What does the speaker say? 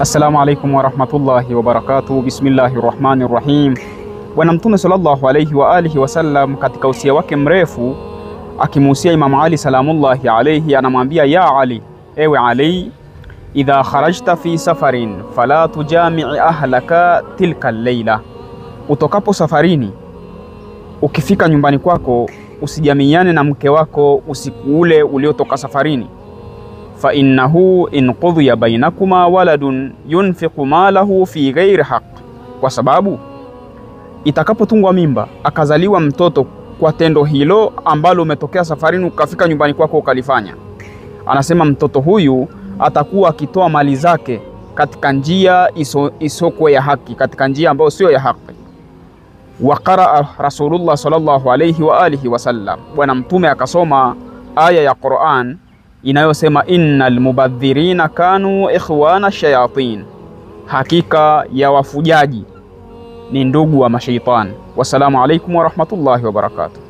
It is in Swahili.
Assalamu alaikum warahmatullahi wabarakatuh. Bismillahi rahmani rahim. Bwana Mtume sallallahu alaihi wa alihi wasallam katika usia wake mrefu akimuhusia Imamu Ali salamullahi alaihi, anamwambia ya Ali, ewe Ali, idha kharajta fi safarin fala tujamii ahlaka tilka leila, utokapo safarini, ukifika nyumbani kwako usijamiane na mke wako usiku ule uliotoka safarini fa innahu in qudhiya bainakuma waladun yunfiqu malahu fi ghairi haq, kwa sababu itakapotungwa mimba akazaliwa mtoto kwa tendo hilo ambalo umetokea safarini ukafika nyumbani kwako ukalifanya, anasema mtoto huyu atakuwa akitoa mali zake katika njia isiyokuwa ya haki, katika njia ambayo sio ya haki. Wa Rasulullah sallallahu alayhi wa alihi wasallam, Bwana Mtume akasoma aya ya Qur'an inayosema innal mubadhirina kanu ikhwana shayatin, hakika ya wafujaji ni ndugu wa mashaitani. Wassalamu alaikum warahmatullahi wabarakatuh.